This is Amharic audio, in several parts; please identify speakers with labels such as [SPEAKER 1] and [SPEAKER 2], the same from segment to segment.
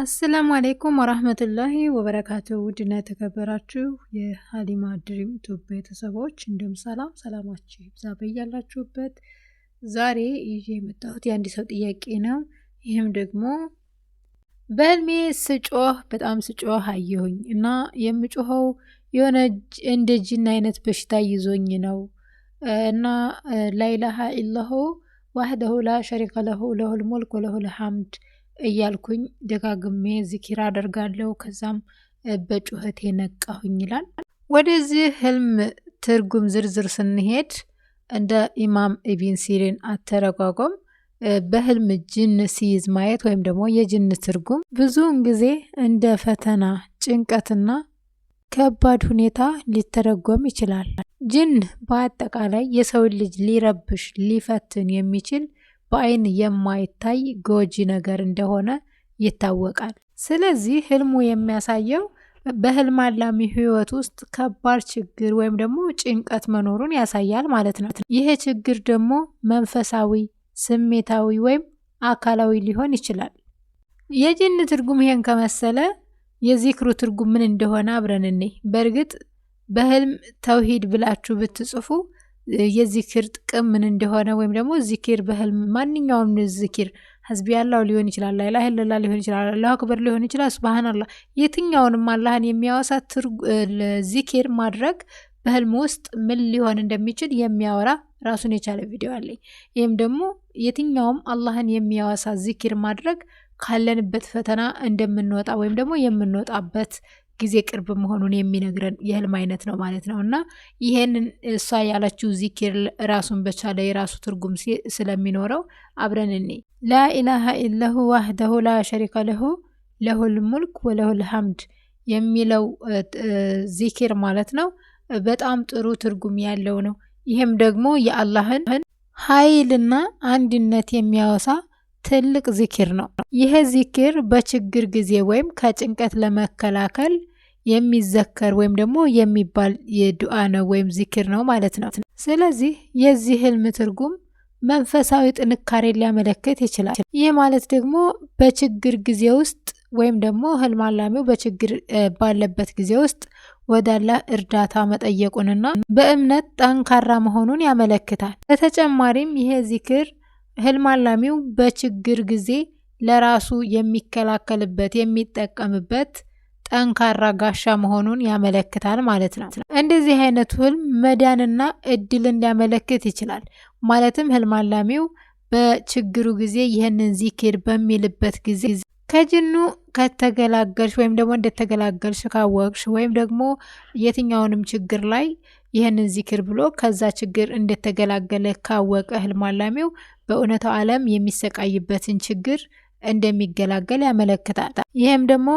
[SPEAKER 1] አሰላሙ አሌይኩም ወራህመቱላሂ ወበረካቱ። ውድና የተከበራችሁ የሀሊማ ድሪም ቱብ ቤተሰቦች እንዲሁም ሰላም ሰላማችሁ ይብዛ በያላችሁበት። ዛሬ ይዤ የመጣሁት የአንድ ሰው ጥያቄ ነው። ይህም ደግሞ በህልሜ ስጮህ በጣም ስጮህ አየሁኝ እና የምጮኸው የሆነ እንደ ጅን አይነት በሽታ ይዞኝ ነው እና ላይላሃ ኢላሁ ዋህደሁ ላ ሸሪከ ለሁ ለሁል ሙልክ ወለሁል ሐምድ እያልኩኝ ደጋግሜ ዚኪር አደርጋለሁ። ከዛም በጩኸቴ ነቃሁኝ ይላል። ወደዚህ ህልም ትርጉም ዝርዝር ስንሄድ እንደ ኢማም ኢቢን ሲሪን አተረጓጎም በህልም ጅን ሲይዝ ማየት ወይም ደግሞ የጅን ትርጉም ብዙውን ጊዜ እንደ ፈተና፣ ጭንቀትና ከባድ ሁኔታ ሊተረጎም ይችላል። ጅን በአጠቃላይ የሰውን ልጅ ሊረብሽ፣ ሊፈትን የሚችል በአይን የማይታይ ጎጂ ነገር እንደሆነ ይታወቃል። ስለዚህ ህልሙ የሚያሳየው በህልም አላሚ ህይወት ውስጥ ከባድ ችግር ወይም ደግሞ ጭንቀት መኖሩን ያሳያል ማለት ነው። ይህ ችግር ደግሞ መንፈሳዊ፣ ስሜታዊ ወይም አካላዊ ሊሆን ይችላል። የጅን ትርጉም ይሄን ከመሰለ የዚክሩ ትርጉም ምን እንደሆነ አብረን እኔ በእርግጥ በህልም ተውሂድ ብላችሁ ብትጽፉ የዚክር ጥቅም ምን እንደሆነ ወይም ደግሞ ዚኪር በህልም ማንኛውም ዚኪር ህዝብ ያላው ሊሆን ይችላል፣ ላይላ ህልላ ሊሆን ይችላል፣ አላሁ አክበር ሊሆን ይችላል፣ ሱብሃን አላ የትኛውንም አላህን የሚያወሳ ዚኪር ማድረግ በህልም ውስጥ ምን ሊሆን እንደሚችል የሚያወራ ራሱን የቻለ ቪዲዮ አለኝ። ይህም ደግሞ የትኛውም አላህን የሚያወሳ ዚኪር ማድረግ ካለንበት ፈተና እንደምንወጣ ወይም ደግሞ የምንወጣበት ጊዜ ቅርብ መሆኑን የሚነግረን የህልም አይነት ነው ማለት ነው። እና ይሄንን እሷ ያለችው ዚኪር ራሱን በቻለ የራሱ ትርጉም ስለሚኖረው አብረን እኔ ላኢላሃ ኢለሁ ዋህደሁ ላ ሸሪከ ለሁ ለሁል ሙልክ ወለሁል ሐምድ የሚለው ዚኪር ማለት ነው በጣም ጥሩ ትርጉም ያለው ነው። ይህም ደግሞ የአላህን ኃይልና አንድነት የሚያወሳ ትልቅ ዚኪር ነው። ይህ ዚኪር በችግር ጊዜ ወይም ከጭንቀት ለመከላከል የሚዘከር ወይም ደግሞ የሚባል የዱዓ ነው ወይም ዚክር ነው ማለት ነው። ስለዚህ የዚህ ህልም ትርጉም መንፈሳዊ ጥንካሬን ሊያመለክት ይችላል። ይህ ማለት ደግሞ በችግር ጊዜ ውስጥ ወይም ደግሞ ህልም አላሚው በችግር ባለበት ጊዜ ውስጥ ወደ አላህ እርዳታ መጠየቁንና በእምነት ጠንካራ መሆኑን ያመለክታል። በተጨማሪም ይሄ ዚክር ህልም አላሚው በችግር ጊዜ ለራሱ የሚከላከልበት የሚጠቀምበት ጠንካራ ጋሻ መሆኑን ያመለክታል ማለት ነው። እንደዚህ አይነቱ ህልም መዳንና እድልን ሊያመለክት ይችላል። ማለትም ህልም አላሚው በችግሩ ጊዜ ይህንን ዚክር በሚልበት ጊዜ ከጅኑ ከተገላገልሽ ወይም ደግሞ እንደተገላገልሽ ካወቅሽ ወይም ደግሞ የትኛውንም ችግር ላይ ይህንን ዚክር ብሎ ከዛ ችግር እንደተገላገለ ካወቀ ህልም አላሚው በእውነታው ዓለም የሚሰቃይበትን ችግር እንደሚገላገል ያመለክታል። ይህም ደግሞ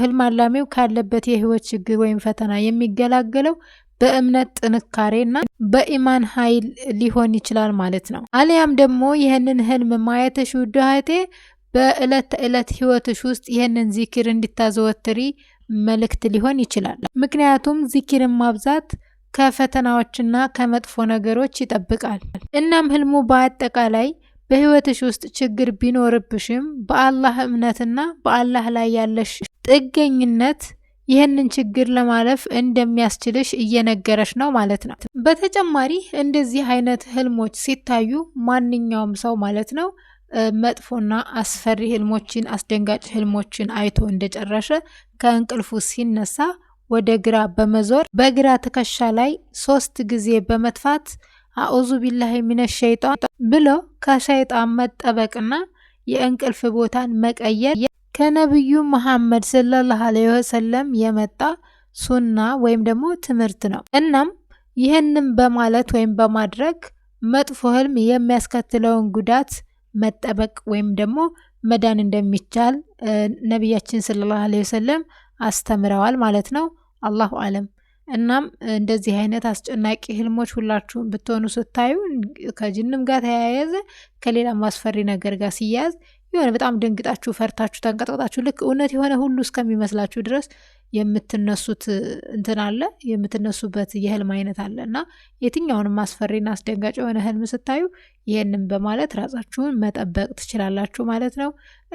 [SPEAKER 1] ህልም አላሚው ካለበት የህይወት ችግር ወይም ፈተና የሚገላገለው በእምነት ጥንካሬ ና በኢማን ኃይል ሊሆን ይችላል ማለት ነው። አሊያም ደግሞ ይህንን ህልም ማየትሽ ውድ እህቴ በዕለት ተዕለት ህይወትሽ ውስጥ ይህንን ዚኪር እንድታዘወትሪ መልእክት ሊሆን ይችላል። ምክንያቱም ዚኪርን ማብዛት ከፈተናዎችና ከመጥፎ ነገሮች ይጠብቃል። እናም ህልሙ በአጠቃላይ በህይወትሽ ውስጥ ችግር ቢኖርብሽም በአላህ እምነትና በአላህ ላይ ያለሽ ጥገኝነት ይህንን ችግር ለማለፍ እንደሚያስችልሽ እየነገረሽ ነው ማለት ነው። በተጨማሪ እንደዚህ አይነት ህልሞች ሲታዩ ማንኛውም ሰው ማለት ነው መጥፎና አስፈሪ ህልሞችን፣ አስደንጋጭ ህልሞችን አይቶ እንደጨረሰ ከእንቅልፉ ሲነሳ ወደ ግራ በመዞር በግራ ትከሻ ላይ ሶስት ጊዜ በመትፋት አዑዙ ቢላሂ ሚነ ሸይጣን ብሎ ከሸይጣን መጠበቅና የእንቅልፍ ቦታን መቀየር ከነቢዩ መሐመድ ሰለላሁ ዐለይሂ ወሰለም የመጣ ሱና ወይም ደግሞ ትምህርት ነው። እናም ይህንም በማለት ወይም በማድረግ መጥፎ ህልም የሚያስከትለውን ጉዳት መጠበቅ ወይም ደግሞ መዳን እንደሚቻል ነቢያችን ሰለላሁ ዐለይሂ ወሰለም አስተምረዋል ማለት ነው። አላሁ አለም። እናም እንደዚህ አይነት አስጨናቂ ህልሞች ሁላችሁም ብትሆኑ ስታዩ ከጅንም ጋር ተያያዘ ከሌላ ማስፈሪ ነገር ጋር ሲያያዝ የሆነ በጣም ደንግጣችሁ ፈርታችሁ ተንቀጥቅጣችሁ ልክ እውነት የሆነ ሁሉ እስከሚመስላችሁ ድረስ የምትነሱት እንትን አለ የምትነሱበት የህልም አይነት አለ እና የትኛውንም አስፈሪና አስደንጋጭ የሆነ ህልም ስታዩ ይህንም በማለት ራሳችሁን መጠበቅ ትችላላችሁ ማለት ነው።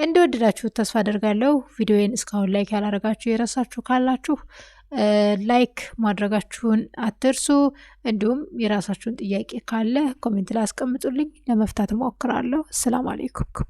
[SPEAKER 1] እንደወደዳችሁት ተስፋ አደርጋለሁ። ቪዲዮዬን እስካሁን ላይክ ያላረጋችሁ የረሳችሁ ካላችሁ ላይክ ማድረጋችሁን አትርሱ። እንዲሁም የራሳችሁን ጥያቄ ካለ ኮሜንት ላይ አስቀምጡልኝ፣ ለመፍታት ሞክራለሁ። ሰላም አሌይኩም።